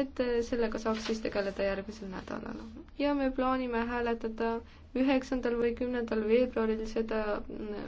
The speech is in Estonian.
et äh, sellega saaks siis tegeleda järgmisel nädalal. ja me plaanime hääletada üheksandal või kümnendal veebruaril seda äh,